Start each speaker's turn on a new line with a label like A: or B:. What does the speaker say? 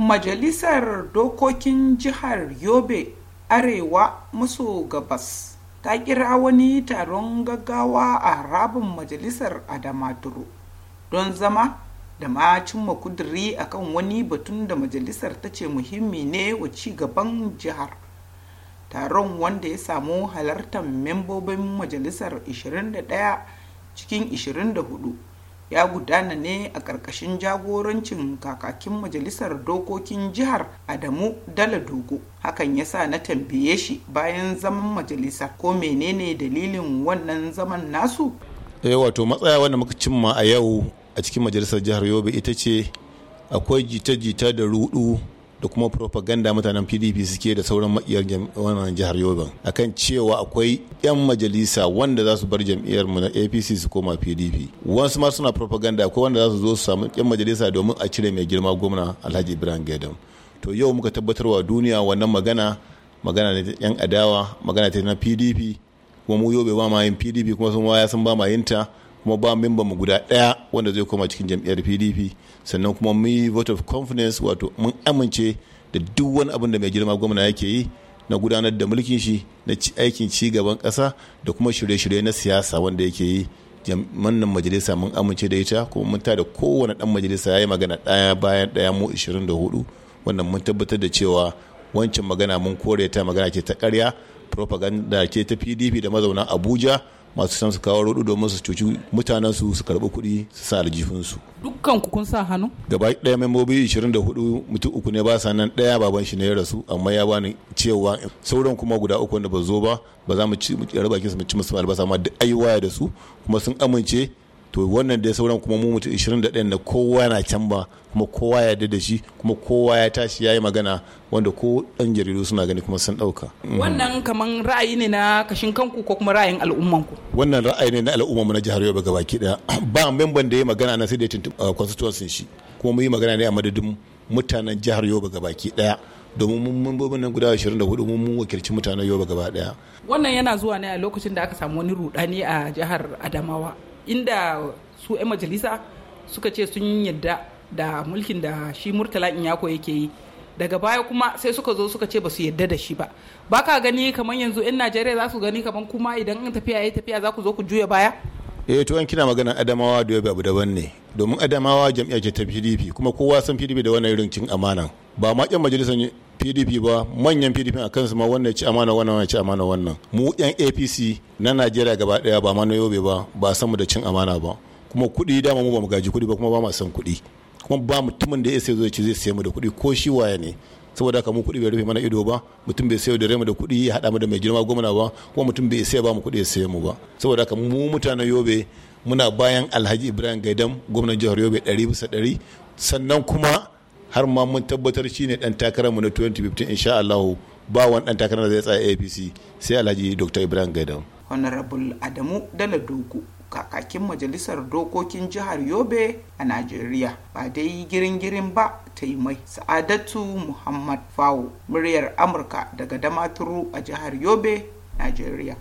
A: majalisar dokokin jihar yobe arewa maso gabas ta kira wani taron gaggawa a rabin majalisar adamaturu don zama da ma cimma kuduri akan wani batun da majalisar ta ce muhimmi ne wa ci gaban jihar taron wanda ya samu halartar membobin majalisar 21 cikin 24 ya gudana ne a ƙarƙashin jagorancin kakakin majalisar dokokin jihar Adamu Dala Dogo. Hakan ya sa na tambaye shi bayan zaman majalisa ko menene dalilin wannan zaman nasu?
B: Eh wato matsaya wanda muka cimma a yau a cikin majalisar jihar Yobe ita ce akwai jita-jita da rudu da kuma propaganda mutanen pdp suke da sauran makiyar wannan jihar yobe akan cewa akwai 'yan majalisa wanda za su bar jam'iyyar mu na apc su koma pdp wasu ma suna propaganda akwai wanda za su zo su samu 'yan majalisa domin a cire mai girma gwamna alhaji ibrahim gaidam to yau muka tabbatar wa duniya wannan magana magana ne yan adawa magana ta na pdp kuma mu yobe ba ma yin pdp kuma sun waya sun ba ma yin ta kuma ba memba mu guda ɗaya wanda zai koma cikin jam'iyyar pdp sannan kuma mu yi vote of confidence wato mun amince da duk wani abin da mai girma gwamna yake yi na gudanar da mulkin shi na aikin ci gaban kasa da kuma shirye-shirye na siyasa wanda yake yi wannan majalisa mun amince da ita kuma mun tada kowane dan majalisa ya yi magana ɗaya bayan ɗaya mu 24 wannan mun tabbatar da cewa wancan magana mun kore ta magana ce ta karya propaganda ce ta pdp da mazauna abuja masu san su kawo rudu domin su cuci mutanen su su karbi kuɗi su sa aljihun su
C: dukkan ku kun sa hannu
B: gaba ɗaya membobi 24 mutum uku ne ba sa nan ɗaya baban shi ne ya rasu amma ya bani cewa sauran kuma guda uku wanda ba zo ba ba za mu ci mu raba kinsu mu ci musu albasa amma duk waya da su kuma sun amince to wannan da sauran kuma mu mutum 21 na kowa na can ba kuma kowa ya da shi kuma kowa ya tashi ya yi magana wanda ko dan jaridu suna gani kuma sun dauka mhm. wannan
C: kaman ra'ayi ne na kashin kanku ko kuma ra'ayin al'umman ku
B: wannan ra'ayi ne na al'umman mu na jihar Yobe baki daya ba memban da ya magana na sai da uh, constituency shi kuma mu yi magana ne a madadin mutanen jihar Yobe baki daya domin mun mambobin nan guda 24 mun mun wakilci mutanen Yobe gaba daya
C: wannan yana zuwa ne a lokacin da aka samu wani rudani a jihar Adamawa inda su 'yan majalisa suka ce sun yadda da mulkin da shi murtala inyako yake yi daga baya kuma sai suka zo suka ce ba su yadda da shi ba ba ka gani kamar yanzu 'yan najeriya za su gani kamar kuma idan an tafiya ya tafiya za ku zo ku juya baya
B: eh to an kina maganar adamawa da yobe abu daban ne domin adamawa jam'iyyar ce ta pdp kuma kowa san pdp da wannan irin cin amanan ba ma 'yan majalisar pdp ba manyan pdp a kansu ma wannan ci amana wannan wannan ci amana wannan mu yan apc na najeriya gaba daya ba ma na yobe ba ba san mu da cin amana ba kuma kuɗi dama mu ba mu gaji kuɗi ba kuma ba mu san kuɗi kuma ba mutumin da ya sai zo ce zai mu da kuɗi ko shi waye ne saboda haka mu kuɗi bai rufe mana ido ba mutum bai sayo da rai mu da kuɗi ya haɗa mu da mai girma gwamna ba kuma mutum bai sai ba mu kuɗi ya saye mu ba saboda haka mu mutanen yobe muna bayan alhaji ibrahim gaidam gwamnan jihar yobe ɗari bisa ɗari sannan kuma har ma mun tabbatar shine dan takarar mu na 2015 insha Allah ba wani dan takarar da zai tsaya APC sai Alhaji Dr. Ibrahim Gaidan
A: Honorable Adamu Daladogo kakakin majalisar dokokin jihar Yobe a Najeriya ba dai girin-girin ba ta yi mai Sa'adatu Muhammad Fawo muryar Amurka daga Damaturu a jihar Yobe Najeriya